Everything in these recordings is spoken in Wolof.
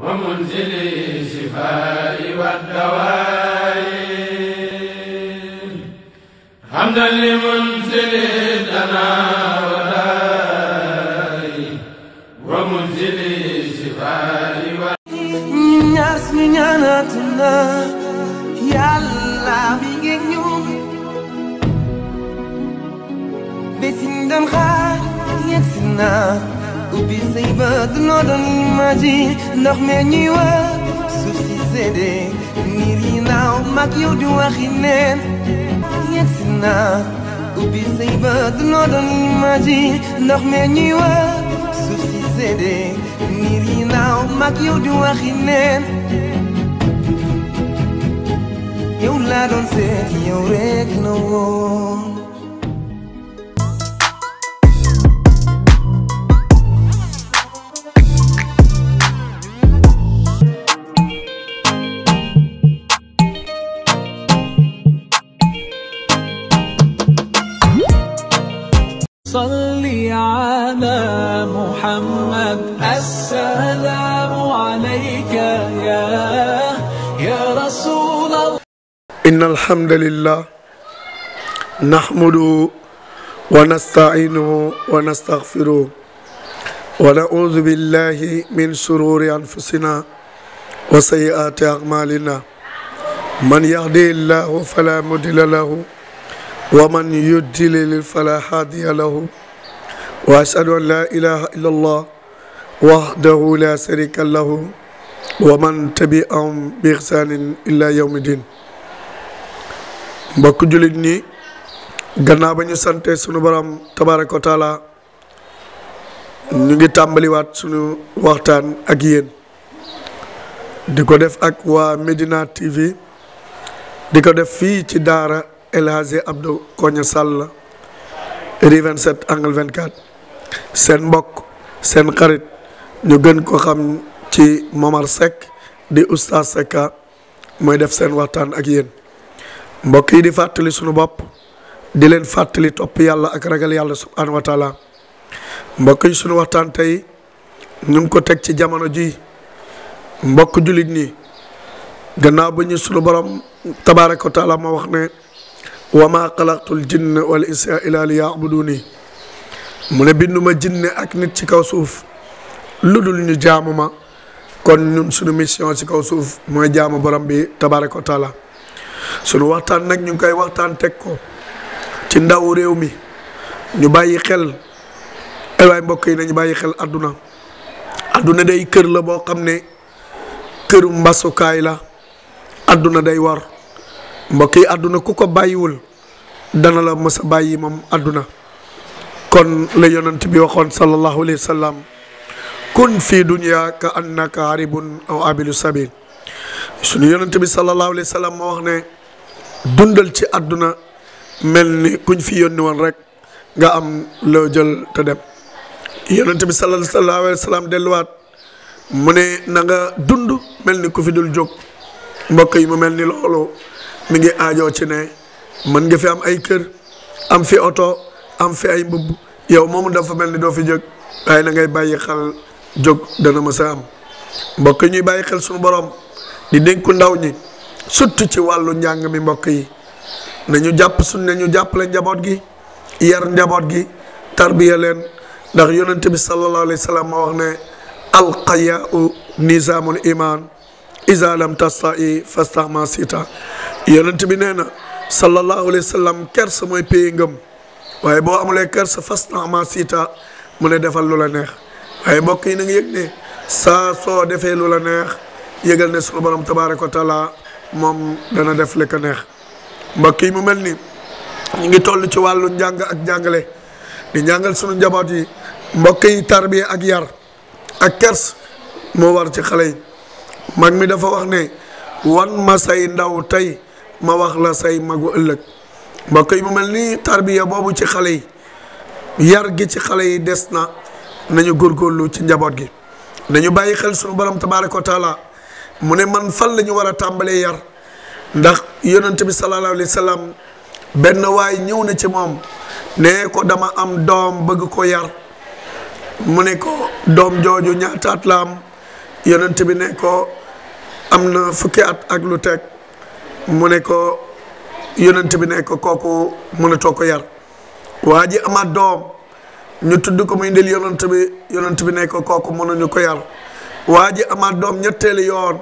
ومنزل الشفاء والدواء حمدا لمنزل الأنام bi sëy ba dina doon imaji ndox me ñuy wër suuf si sédde niir yi naaw mag yow di waxi neen naa ubbi sëy ba dina doon imaji ndox me ñuy wër suuf si sédde niir yi naaw mag yow di waxi neen laa doon seet yow rek na woo الحمد لله نحمده ونستعينه ونستغفره ونعوذ بالله من شرور أنفسنا وسيئات أعمالنا من يهدي الله فلا مضل له ومن يضلل فلا هادي له وأشهد أن لا إله إلا الله وحده لا شريك له ومن تبعهم بإحسان إلى يوم الدين mbokk jullit nii gannaaw ba ñu sante suñu borom tabaaraka wa ñu ngi tàmbaliwaat suñu waxtaan ak yéen di ko def ak waa Medina TV di ko def fii ci daara El Hadji Abdou Koña Sall rue 27 angle 24 seen mbokk seen xarit ñu gën ko xam ci Momar Seck di Oustaz Secka mooy def seen waxtaan ak yéen mbokk yi di fàttali sunu bopp di leen fàttali topp yàlla ak ragal yàlla subhaanahu wa taala mbokk sunu waxtaan tey ñu ko teg ci jamono ji mbokk jullit nii gannaaw ba ñu sunu borom tabaaraka wa taala ma wax ne wa maa xalaqtul jinna wal bu du liya'buduni mu ne binduma jinne ak nit ci kaw suuf lu dul ñu jaamu ma kon ñun sunu mission ci kaw suuf mooy jaamu borom bi tabaaraka wa sunu waxtaan nag ñu ngi koy waxtaan teg ko ci ndaw réew mi ñu bàyyi xel ay waay mbokk yi nañu bàyyi xel àdduna àdduna day kër la boo xam ne këru mbasukaay la àdduna day war mbokk yi àdduna ku ko bàyyiwul dana la mës a bàyyi moom àdduna kon la yonent bi waxoon sallallahu alayhi wa sallam kun fi dunya ka annaka haribun aw abilu sabil suñu yonent bi sallallahu alayhi wa moo wax ne dundal ci àdduna mel ni kuñ fi yónni woon rek nga am loo jël te dem yonent bi sallallahu alayhi wa sallam delluwaat mu ne na nga dund mel ni ku fi dul jóg mbokk yi mu mel ni loolu mi ngi aajoo ci ne mën nga fi am ay kër am fi oto am fi ay mbubb yow moomu dafa mel ni doo fi jóg waaye na ngay bàyyi xel jóg dana ma sa am mbokk ñuy bàyyi xel suñu borom di dénku ndaw ñi surtout ci wàllu njàng mi mbokk yi nañu jàpp suñ ne ñu jàppale njaboot gi yar njaboot gi tarbiya leen ndax yonent bi sallallahu alayhi wa sallam moo wax ne alqayaau nizaamul iman isa lam tastai fastahma siita yonent bi nee na sallallahu alayhi wa sallam kersa mooy péyi waaye boo amulee kersa fastahma siita mu ne defal lu la neex waaye mbokk yi na yëg ne saa soo defee lu la neex yëgal ne sunu borom tabaraka wa taala moom dana def lekk ko neex mbokk yi mu mel ni ñu ngi toll ci wàllu njàng ak njàngale di njàngal sunu njaboot yi mbokk yi tarbiya ak yar ak kers moo war ci xale yi mag mi dafa wax ne wan ma say ndaw tey ma wax la say magu ëllëg mbokk yi mu mel ni tarbiya boobu ci xale yi yar gi ci xale yi des na nañu góorgóorlu ci njaboot gi nañu bàyyi xel sunu borom tabaaraka wa taala mu ne man fan la ñu war a tàmbali yar ndax yonent bi sallallahu alayhi benn waay ñëw na ci moom ne ko dama am doom bëgg ko yar mu ne ko doom jooju ñaataat la am yonent bi ne ko am na fukki at ak lu teg mu ne ko yonent bi ne ko kooku mënatoo ko yar waa ji amaat doom ñu tudd ko mu indil yonent bi yonent bi ne ko kooku ñu ko yar waa ji amaat doom ñetteeli yoon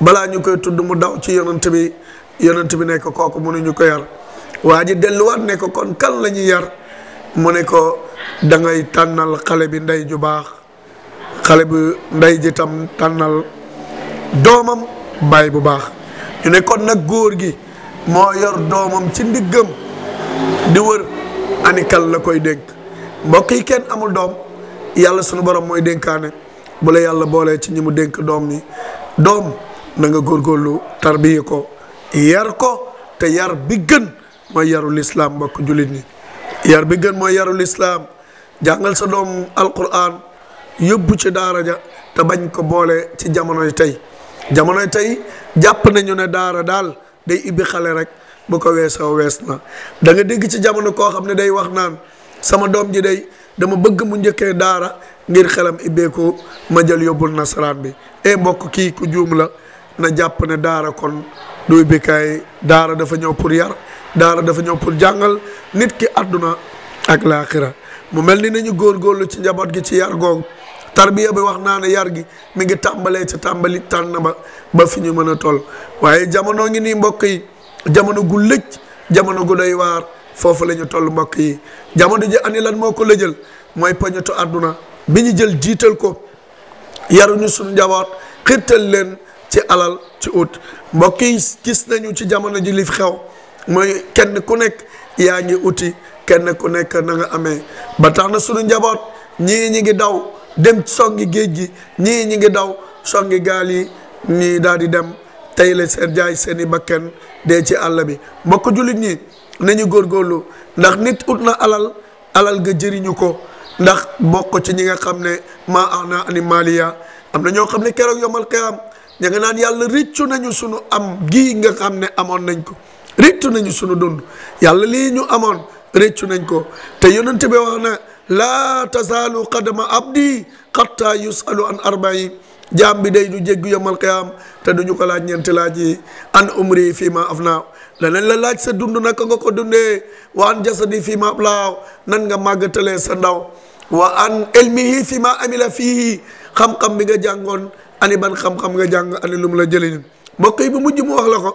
balaa ñu koy tudd mu daw ci yonent bi yonent bi ne ko kooku mënuñu ko yar waa ji delluwaat ne ko kon kan la yar mu ne ko da ngay tànnal xale bi nday ju baax xale bi ndey ji tam tànnal doomam baay bu baax ñu ne kon nag góor gi moo yor doomam ci ndiggam di wër anikal la koy dénk mbokk yi kenn amul doom yàlla sunu borom mooy dénkaane bu la yàlla boolee ci ñi mu dénk doom ni doom na nga góorgóorlu tarbiye ko yar ko te yar bi gën mooy yaru lislaam mbokk jullit ni yar bi gën mooy yaru lislaam jàngal sa doom alquran yóbbu ci daara ja te bañ ko boole ci jamonoy tey jamonoy tey jàpp nañu ne daara daal day ibbi xale rek bu ko weesoo wees na da dégg ci jamono koo xam ne day wax naan sama doom ji day dama bëgg mu njëkkee daara ngir xelam ibbeeku ma jël yóbbul nasaraan bi e mbokk kii ku juum la na jàpp ne daara kon du ibbikaay daara dafa ñëw pour yar daara dafa ñëw pour jàngal nit ki àdduna ak laaxira mu mel ni nañu góorgóorlu ci njaboot gi ci yar googu tarbiya bi wax naa ne yar gi mi ngi tàmbalee ci tàmbali tànn ba ba fi ñu mën a toll waaye jamono ngi nii mbokk yi jamono gu lëj jamono gu doy waar foofu la ñu toll mbokk yi jamono ji ani lan moo ko lëjal mooy poñetu àdduna bi ñu jël jiital ko yaruñu suñu njaboot xirtal leen ci alal ci ut mbokk yi gis nañu ci jamono ji li fi xew mooy kenn ku nekk yaa ngi uti kenn ku nekk na amee ba tax na suñu njaboot ñii ñi ngi daw dem songi géej gi ñii ñi ngi daw songi gaal yi ñii daal di dem tey la seen jaay seen i bakken dee ci àll bi mbokk jullit ñi nañu góor góorlu ndax nit ut na alal alal ga jëriñu ko ndax bokk ci ñi nga xam ne maa ana animalia am na ñoo xam ne keroog yomal qiyaam ña naan yàlla riccu nañu sunu am gii nga xam ne amoon nañ ko riccu nañu sunu dund yàlla lii ñu amoon riccu nañ ko te yonent bi wax na laa tasaalu qadama abdi xatta yusalu an arbain jaam bi day du jéggu yomal qiyaam te duñu ko laaj ñeenti laaj an umri fii ma afnaa danañ la laaj sa dund naka nga ko dundee wa an jasadi fi ma ablaaw nan nga màggatalee sa ndaw wa an ilmihi fi ma amila fii xam-xam bi nga jàngoon ani ban xam-xam nga jàng ani lu mu la jëliñun mbokk yi bu mujj mu wax la ko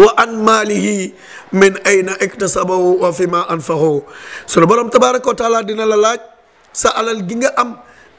wa an maalihi min ayna iktasabahu wa fi ma anfahu sunu borom tabaraka wa taala dina la laaj sa alal gi nga am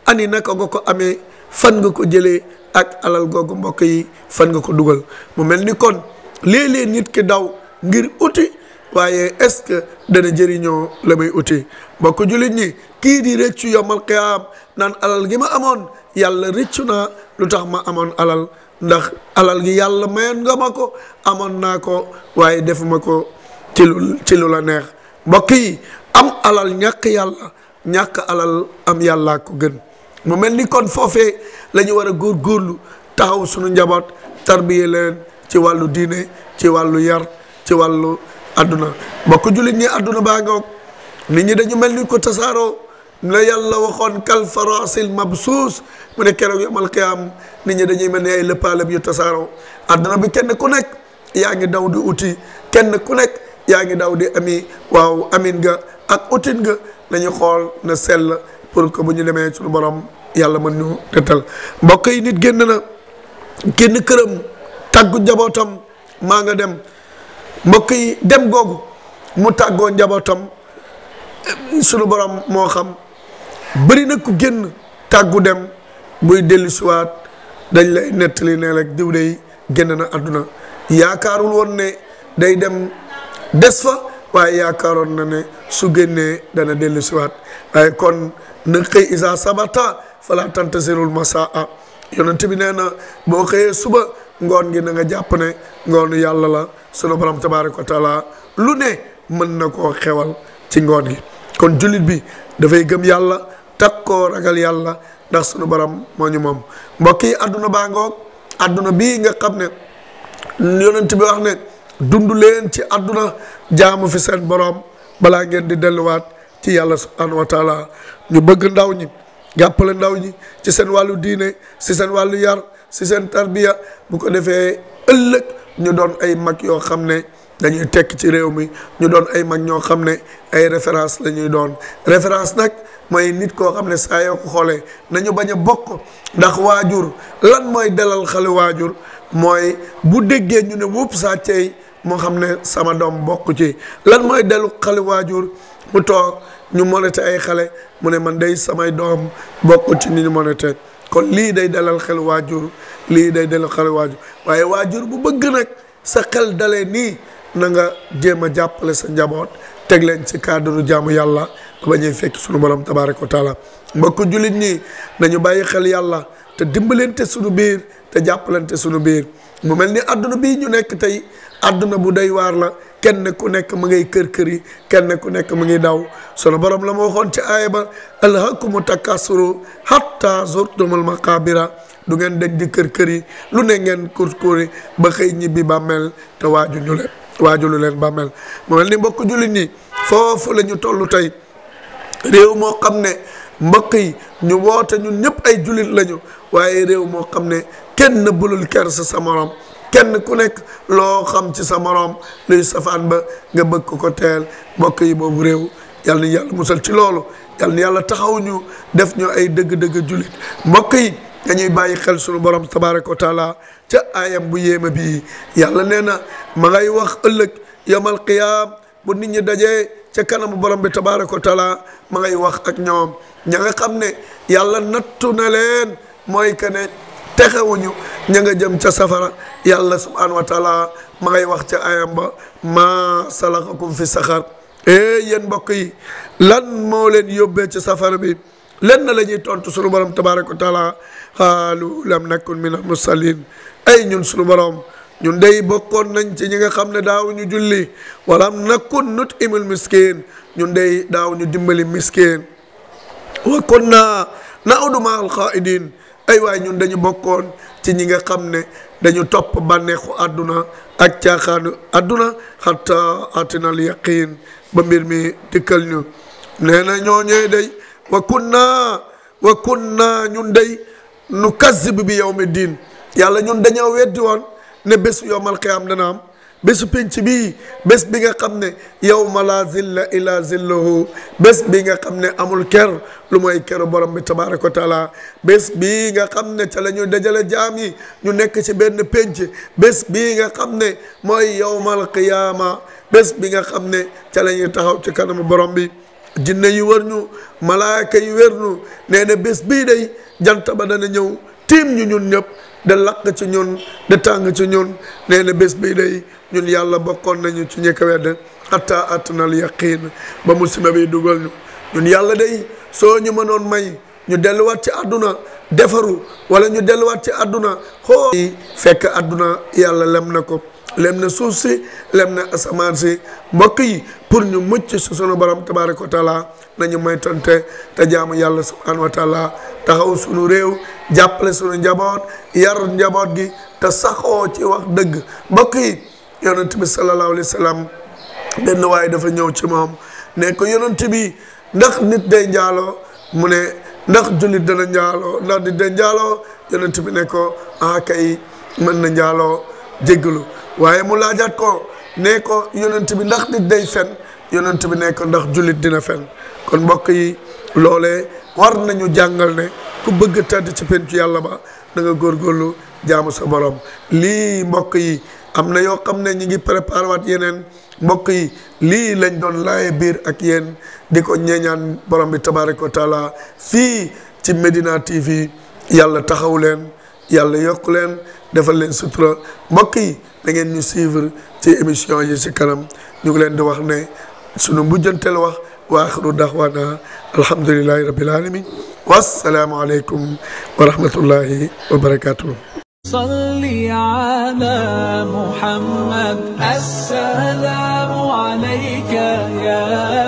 ani naka nga ko amee fan nga ko jëlee ak alal googu mbokk yi fan nga ko dugal mu mel ni kon léeg-léeg nit ki daw ngir uti waaye est-ce que dana jëriñoo la may uti mbokk jullit ñi kii di rëccu yomal qiyaam naan alal gi ma amoon yàlla rëccu naa lu tax ma amoon alal ndax alal gi yàlla mayoon nga ma ko amoon naa ko waaye defuma ko ci lu ci lu la neex mbokk yi am alal ñàkk yàlla ñàkk alal am yàllaa ko gën mu mel ni kon foofee la ñu war a góorgóorlu taxaw sunu njaboot tarbiye ci wàllu diine ci wàllu yar ci wàllu àdduna mbokk jullit ñi àdduna baa ngoog nit ñi dañu mel ni ko tasaaroo la yàlla waxoon kal farasil mabsuus mu ne keroog yomal qiyaam nit ñi dañuy mel ni ay lëppaalëb yu tasaaroo bi kenn ku nekk yaa ngi daw di uti kenn ku nekk yaa ngi daw di ami waaw amin nga ak utin nga nañu xool na sell pour ko bu ñu demee suñu borom yàlla mën ñu dettal mbokk yi nit génn na kenn këram tàggu njabootam maa nga dem mbokk yi dem googu mu tàggoo njabootam sunu borom moo xam bëri na ku génn tàggu dem buy dellusiwaat dañ lay nettali ne rek diw dey génn na àdduna yaakaarul woon ne day dem des fa waaye yaakaaroon na ne su génnee dana dellusiwaat waaye kon na xëy isa sabata fala tantasirul masaa yonent bi nee na boo xëyee suba ngoon gi na nga jàpp ne ngoonu yàlla la sunu borom tabaaraka wa lu ne mën na koo xewal ci ngoon gi kon jullit bi dafay gëm yàlla tat koo ragal yàlla ndax sunu borom moo ñu moom mbokk yi adduna baa ngoog adduna bii nga xam ne yonent bi wax ne dund leen ci adduna jaamu fi seen boroom balaa ngeen di delluwaat ci yàlla subhanahu wa ñu bëgg ndaw ñi jàppale ndaw ñi ci seen wàllu diine si seen wàllu yar si seen tarbiya bu ko defee ëllëg ñu doon ay mag yoo xam ne dañuy tekk ci réew mi ñu doon ay mag ñoo xam ne ay référence lañuy doon référence nag mooy nit koo xam ne saa yoo ko xoolee nañu bañ a bokk ndax waajur lan mooy dalal xale waajur mooy bu déggee ñu ne wupp saa tey moo xam ne sama doom bokk ci lan mooy dalu xale waajur mu toog ñu monete ay xale mu ne man day samay doom bokk ci ni ñu monete kon lii day dalal xel waajur lii day dalal xel waajur waaye waajur bu bëgg nag sa xel dale nii na nga jéem a jàppale sa njaboot teg leen ci cadre jaamu yàlla ba bañuy fekk sunu borom tabaaraka wa taala mbokk jullit ñi nañu bàyyi xel yàlla te dimbalante sunu biir te jàppalante sunu biir mu mel ni àdduna bii ñu nekk tey àdduna bu day waar la kenn ku nekk ma ngay kër kër yi kenn ku nekk ma ngay daw sunu borom la moo waxoon ci aaya ba alhakumu takasuru hatta zurtumul maqabira du ngeen daj di kër kër yi lu ne ngeen kur ba xëy ñibbi bàmmeel te waaju ñu leen waajulu leen bàmmeel mu mel ni mbokk jullit ñi foofu lañu ñu toll tey réew moo xam ne mbokk yi ñu woote ñun ñëpp ay jullit lañu waaye réew moo xam ne kenn bëlul kersa sa morom kenn ku nekk loo xam ci sa moroom luy safaan ba nga bëgg ko ko teel mbokk yi moom réew yal na yàlla musal ci loolu yal na yàlla taxaw ñu def ñu ay dëgg-dëgg julit mbokk yi dañuy bàyyi xel sunu borom tabaraka ko taala ca aayam bu yéema bii yàlla nee na ma ngay wax ëllëg yawmal qiyaam bu nit ñi dajee ca kanamu borom bi tabaraka ko taala ma ngay wax ak ñoom ña nga xam ne yàlla nattu na leen mooy que texewuñu ña nga jëm ca safara yàlla subhanahu wa taala ma ngay wax ca ayam ba maa salakakum fi saxar eh yéen mbokk yi lan moo leen yóbbee ci safara bi lenn la ñuy tontu sunu borom tabaraka wa taala xaalu lam nakun min al musallin ay ñun sunu borom ñun day bokkoon nañ ci ñi nga xam ne daawuñu julli walam nakun nut imul miskin ñun day daawuñu dimbali miskin wa kunna naudu ma al xaidin ay waay ñun dañu bokkoon ci ñi nga xam ne dañu topp bànneexu àdduna ak caaxaanu àdduna xataa atinal yaqiin ba mbir mi dikkal ñu nee na ñooñee day wa kunna wa kunna ñun day nu kazzib bi yawmi diin yàlla ñun dañoo weddi woon ne bésu yowmal qiyaam dana am bésu pénc bi bés bi nga xam ne yawma laa zilla illa zilluhu bés bi nga xam ne amul ker lu mooy keru borom bi tabaraka wa taala bés bi nga xam ne ca la ñu dajale jaam yi ñu nekk ci benn pénc bés bi nga xam ne mooy yawmal qiyaama bés bi nga xam ne ca la ñuy taxaw ci kanamu borom bi jinne yi wër ñu malaaka yi wër ñu nee na bés bii day jant ba dana ñëw tiim ñu ñun ñëpp da lakk ci ñun tàng ci ñun nee day ñun yàlla bokkoon nañu ci ñi ko wedd hatta atanal yaqiin ba musiba bi dugal ñu ñun yàlla day soo ñu mënoon may ñu delluwaat ci àdduna defaru wala ñu delluwaat ci àdduna xoo fekk àdduna yàlla lem na ko lem na suuf si lem na asamaan si mbokk yi pour ñu mucc si sunu borom tabaaraka wa taala nañu may tonte te jaamu yàlla subhaanahu wa taala taxaw sunu réew jàppale sunu njaboot yar njaboot gi te saxoo ci wax dëgg mbokk yi yonent bi sallallahu alayhi wa sallam waaye dafa ñëw ci moom ne ko yonent bi ndax nit day njaaloo mu ne ndax jullit dana njaaloo ndax nit day njaaloo yonent bi ne ko ah mën na njaaloo jéggalu waaye mu laajaat ko ne ko yonent bi ndax nit day fen yonent bi ndax jullit dina fen kon mbokk yi loolee war nañu jàngal ne ku bëgg tedd ci pencu yàlla ba da nga góorgóorlu jaamu sa borom lii mbokk yi am na yoo xam ne ñi ngi préparé waat yeneen mbokk yi lii lañ doon laaye biir ak yéen di ko ñeeñaan borom bi tabaraka wa taala fii ci Medina TV yàlla taxaw leen yàlla yokk leen defal leen sutura mbokk yi da ngeen ñu suivre ci émission yi ci kanam ñu ngi leen di wax ne sunu mujjanteel wax wa axiru daxwaana alhamdulillahi rabbil alamin wassalaamu aleykum wa rahmatullahi wa barakatuh صل على محمد السلام عليك يا